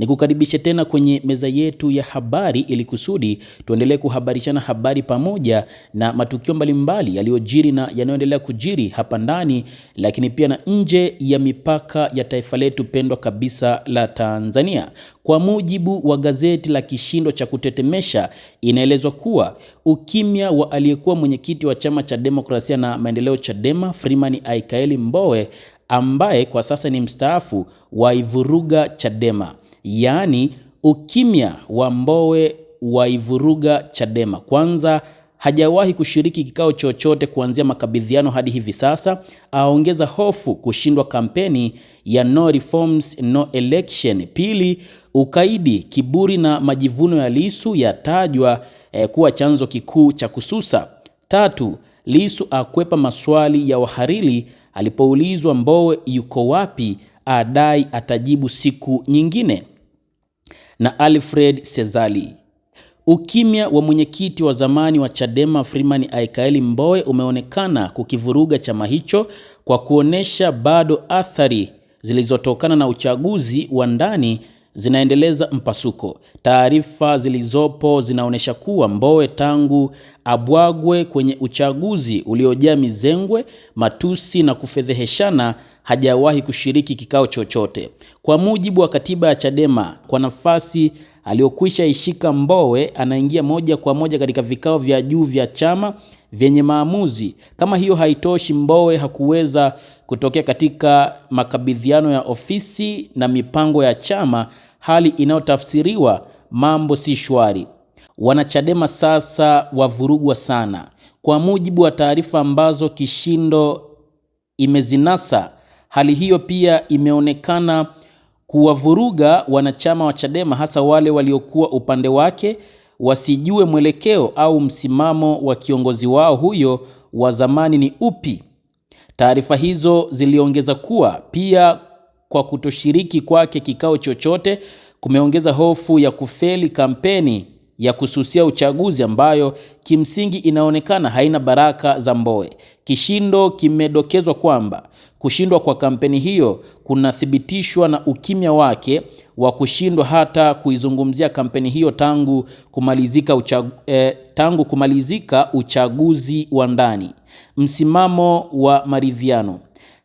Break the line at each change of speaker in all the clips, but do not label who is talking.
Nikukaribishe tena kwenye meza yetu ya habari ili kusudi tuendelee kuhabarishana habari pamoja na matukio mbalimbali yaliyojiri na yanayoendelea kujiri hapa ndani, lakini pia na nje ya mipaka ya taifa letu pendwa kabisa la Tanzania. Kwa mujibu wa gazeti la Kishindo cha kutetemesha, inaelezwa kuwa ukimya wa aliyekuwa mwenyekiti wa chama cha demokrasia na maendeleo Chadema Freeman Aikaeli Mbowe ambaye kwa sasa ni mstaafu waivuruga Chadema yaani ukimya wa Mbowe waivuruga Chadema. Kwanza hajawahi kushiriki kikao chochote kuanzia makabidhiano hadi hivi sasa. Aongeza hofu kushindwa kampeni ya no reforms no election. Pili, ukaidi, kiburi na majivuno ya lisu yatajwa eh, kuwa chanzo kikuu cha kususa. Tatu, lisu akwepa maswali ya wahariri alipoulizwa Mbowe yuko wapi adai atajibu siku nyingine. Na Alfred Sezali. Ukimya wa mwenyekiti wa zamani wa Chadema Freeman Aikaeli Mbowe umeonekana kukivuruga chama hicho kwa kuonesha bado athari zilizotokana na uchaguzi wa ndani zinaendeleza mpasuko. Taarifa zilizopo zinaonyesha kuwa Mbowe tangu abwagwe kwenye uchaguzi uliojaa mizengwe, matusi na kufedheheshana, hajawahi kushiriki kikao chochote. Kwa mujibu wa katiba ya Chadema, kwa nafasi aliyokwisha ishika Mbowe, anaingia moja kwa moja katika vikao vya juu vya chama vyenye maamuzi. Kama hiyo haitoshi, Mbowe hakuweza kutokea katika makabidhiano ya ofisi na mipango ya chama, hali inayotafsiriwa mambo si shwari. Wanachadema sasa wavurugwa sana. Kwa mujibu wa taarifa ambazo kishindo imezinasa, hali hiyo pia imeonekana kuwavuruga wanachama wa Chadema hasa wale waliokuwa upande wake wasijue mwelekeo au msimamo wa kiongozi wao huyo wa zamani ni upi. Taarifa hizo ziliongeza kuwa pia kwa kutoshiriki kwake kikao chochote kumeongeza hofu ya kufeli kampeni ya kususia uchaguzi ambayo kimsingi inaonekana haina baraka za Mbowe. Kishindo kimedokezwa kwamba kushindwa kwa kampeni hiyo kunathibitishwa na ukimya wake wa kushindwa hata kuizungumzia kampeni hiyo tangu kumalizika, uchagu, eh, tangu kumalizika uchaguzi wa ndani. Msimamo wa maridhiano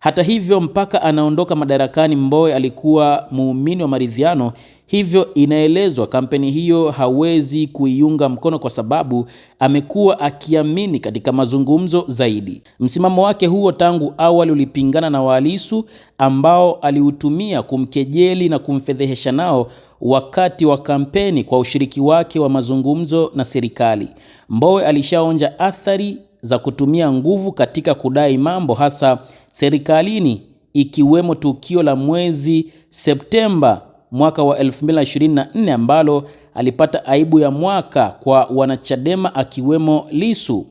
hata hivyo, mpaka anaondoka madarakani, Mbowe alikuwa muumini wa maridhiano, hivyo inaelezwa kampeni hiyo hawezi kuiunga mkono kwa sababu amekuwa akiamini katika mazungumzo zaidi. Msimamo wake huo tangu awali ulipingana na Waalisu ambao aliutumia kumkejeli na kumfedhehesha nao wakati wa kampeni kwa ushiriki wake wa mazungumzo na serikali. Mbowe alishaonja athari za kutumia nguvu katika kudai mambo hasa serikalini, ikiwemo tukio la mwezi Septemba mwaka wa 2024 ambalo alipata aibu ya mwaka kwa wanachadema akiwemo lisu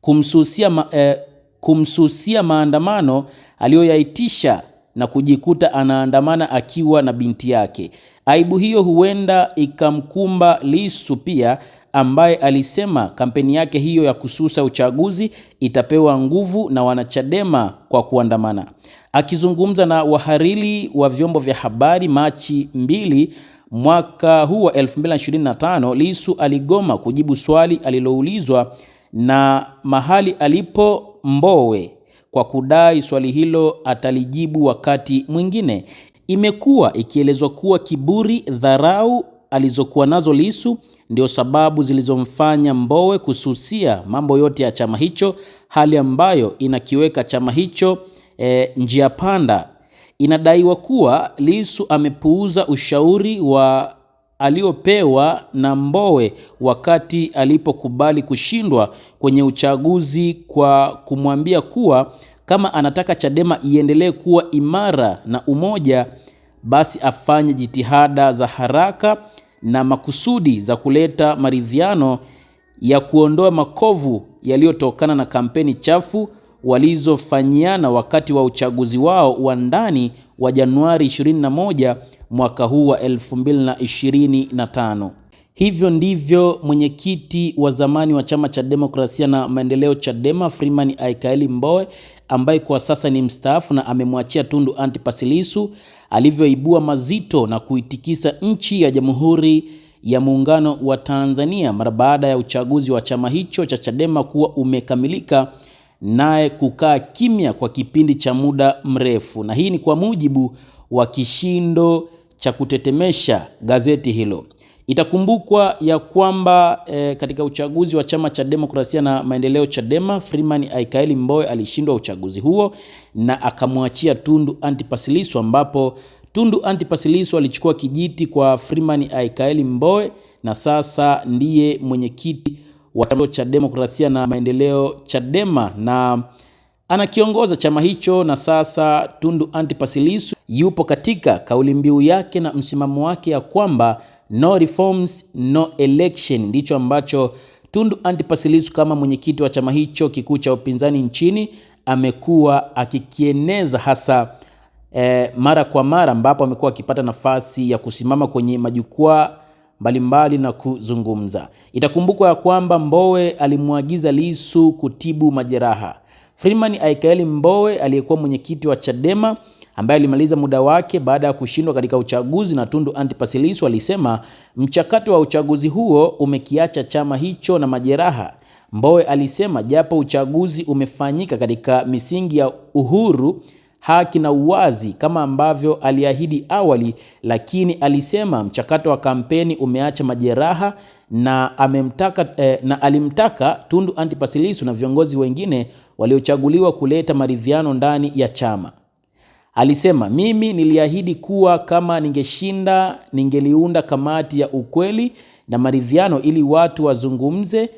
kumsusia, ma, eh, kumsusia maandamano aliyoyaitisha na kujikuta anaandamana akiwa na binti yake. Aibu hiyo huenda ikamkumba Lissu pia ambaye alisema kampeni yake hiyo ya kususa uchaguzi itapewa nguvu na wanachadema kwa kuandamana. Akizungumza na wahariri wa vyombo vya habari Machi mbili mwaka huu wa 2025, Lissu aligoma kujibu swali aliloulizwa na mahali alipo Mbowe kwa kudai swali hilo atalijibu wakati mwingine. Imekuwa ikielezwa kuwa kiburi, dharau alizokuwa nazo Lissu ndio sababu zilizomfanya Mbowe kususia mambo yote ya chama hicho, hali ambayo inakiweka chama hicho e, njia panda. Inadaiwa kuwa Lissu amepuuza ushauri wa aliopewa na Mbowe wakati alipokubali kushindwa kwenye uchaguzi kwa kumwambia kuwa kama anataka Chadema iendelee kuwa imara na umoja, basi afanye jitihada za haraka na makusudi za kuleta maridhiano ya kuondoa makovu yaliyotokana na kampeni chafu walizofanyiana wakati wa uchaguzi wao wa ndani wa Januari 21 mwaka huu wa 2025. Hivyo ndivyo mwenyekiti wa zamani wa chama cha demokrasia na maendeleo Chadema Freeman Aikaeli Mbowe ambaye kwa sasa ni mstaafu na amemwachia Tundu Antipas Lissu alivyoibua mazito na kuitikisa nchi ya Jamhuri ya Muungano wa Tanzania mara baada ya uchaguzi wa chama hicho cha Chadema kuwa umekamilika naye kukaa kimya kwa kipindi cha muda mrefu, na hii ni kwa mujibu wa kishindo cha kutetemesha gazeti hilo. Itakumbukwa ya kwamba e, katika uchaguzi wa chama cha demokrasia na maendeleo Chadema, Freeman Aikaeli Mbowe alishindwa uchaguzi huo na akamwachia Tundu Antipas Lissu, ambapo Tundu Antipas Lissu alichukua kijiti kwa Freeman Aikaeli Mbowe na sasa ndiye mwenyekiti wa chama cha demokrasia na maendeleo Chadema na anakiongoza chama hicho na sasa Tundu Antipas Lissu yupo katika kauli mbiu yake na msimamo wake ya kwamba no reforms, no election ndicho ambacho Tundu Antipas Lissu kama mwenyekiti wa chama hicho kikuu cha upinzani nchini amekuwa akikieneza hasa eh, mara kwa mara ambapo amekuwa akipata nafasi ya kusimama kwenye majukwaa mbalimbali na kuzungumza. Itakumbukwa ya kwamba Mbowe alimwagiza Lissu kutibu majeraha. Freeman Aikaeli Mbowe aliyekuwa mwenyekiti wa Chadema ambaye alimaliza muda wake baada ya kushindwa katika uchaguzi na Tundu Antipas Lissu alisema mchakato wa uchaguzi huo umekiacha chama hicho na majeraha. Mbowe alisema japo uchaguzi umefanyika katika misingi ya uhuru, haki na uwazi kama ambavyo aliahidi awali, lakini alisema mchakato wa kampeni umeacha majeraha na amemtaka, eh, na alimtaka Tundu Antipas Lissu na viongozi wengine waliochaguliwa kuleta maridhiano ndani ya chama. Alisema, mimi niliahidi kuwa kama ningeshinda ningeliunda kamati ya ukweli na maridhiano ili watu wazungumze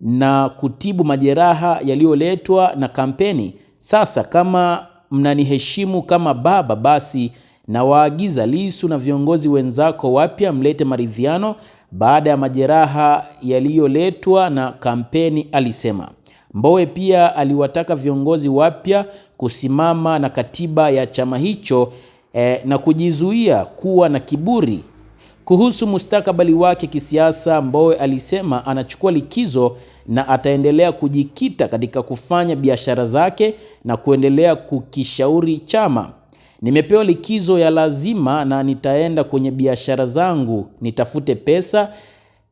na kutibu majeraha yaliyoletwa na kampeni. Sasa kama mnaniheshimu kama baba, basi nawaagiza lisu na viongozi wenzako wapya mlete maridhiano baada ya majeraha yaliyoletwa na kampeni, alisema. Mbowe pia aliwataka viongozi wapya kusimama na katiba ya chama hicho eh, na kujizuia kuwa na kiburi. Kuhusu mustakabali wake kisiasa, Mbowe alisema anachukua likizo na ataendelea kujikita katika kufanya biashara zake na kuendelea kukishauri chama. Nimepewa likizo ya lazima na nitaenda kwenye biashara zangu, nitafute pesa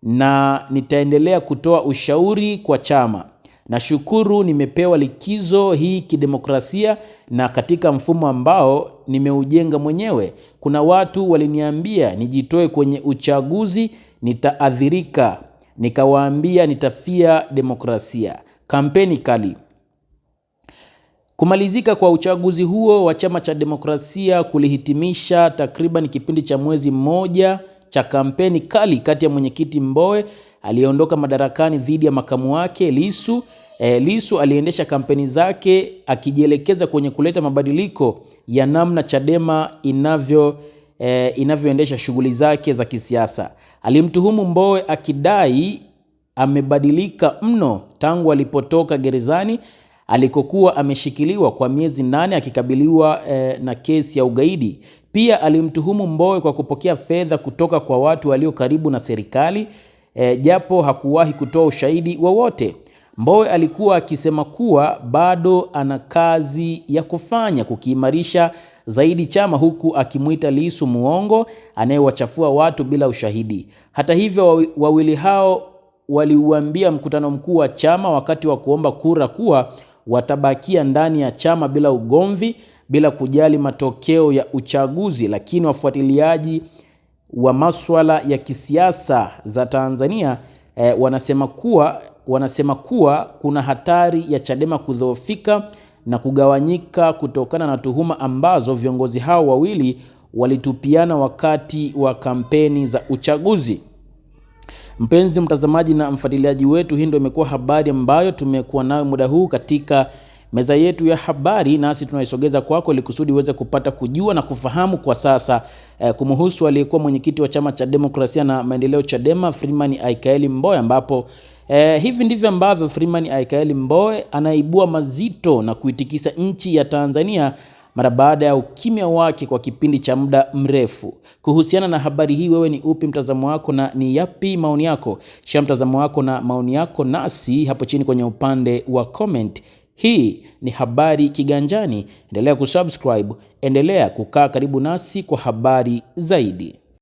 na nitaendelea kutoa ushauri kwa chama. Nashukuru nimepewa likizo hii kidemokrasia na katika mfumo ambao nimeujenga mwenyewe. Kuna watu waliniambia nijitoe kwenye uchaguzi, nitaathirika. Nikawaambia nitafia demokrasia. Kampeni kali. Kumalizika kwa uchaguzi huo wa Chama cha Demokrasia kulihitimisha takriban kipindi cha mwezi mmoja cha kampeni kali kati ya mwenyekiti Mbowe aliyeondoka madarakani dhidi ya makamu wake Lisu. E, eh, Lisu aliendesha kampeni zake akijielekeza kwenye kuleta mabadiliko ya namna Chadema inavyo e, inavyoendesha shughuli zake za kisiasa. Alimtuhumu Mbowe akidai amebadilika mno tangu alipotoka gerezani alikokuwa ameshikiliwa kwa miezi nane akikabiliwa e, na kesi ya ugaidi. Pia alimtuhumu Mbowe kwa kupokea fedha kutoka kwa watu walio karibu na serikali e, japo hakuwahi kutoa ushahidi wowote. Mbowe alikuwa akisema kuwa bado ana kazi ya kufanya kukiimarisha zaidi chama huku akimwita Lissu muongo anayewachafua watu bila ushahidi. Hata hivyo, wawili hao waliuambia mkutano mkuu wa chama wakati wa kuomba kura kuwa watabakia ndani ya chama bila ugomvi bila kujali matokeo ya uchaguzi, lakini wafuatiliaji wa maswala ya kisiasa za Tanzania e, wanasema kuwa wanasema kuwa kuna hatari ya Chadema kudhoofika na kugawanyika kutokana na tuhuma ambazo viongozi hao wawili walitupiana wakati wa kampeni za uchaguzi. Mpenzi mtazamaji na mfuatiliaji wetu, hii ndio imekuwa habari ambayo tumekuwa nayo muda huu katika meza yetu ya habari, nasi tunaisogeza kwako ili kusudi uweze kupata kujua na kufahamu kwa sasa eh, kumhusu aliyekuwa mwenyekiti wa chama cha demokrasia na maendeleo Chadema Freeman Aikaeli Mbowe ambapo Eh, hivi ndivyo ambavyo Freeman Aikaeli Mbowe anaibua mazito na kuitikisa nchi ya Tanzania mara baada ya ukimya wake kwa kipindi cha muda mrefu. Kuhusiana na habari hii, wewe ni upi mtazamo wako na ni yapi maoni yako? Shia mtazamo wako na maoni yako nasi hapo chini kwenye upande wa comment. Hii ni Habari Kiganjani. Endelea kusubscribe, endelea kukaa karibu nasi kwa habari zaidi.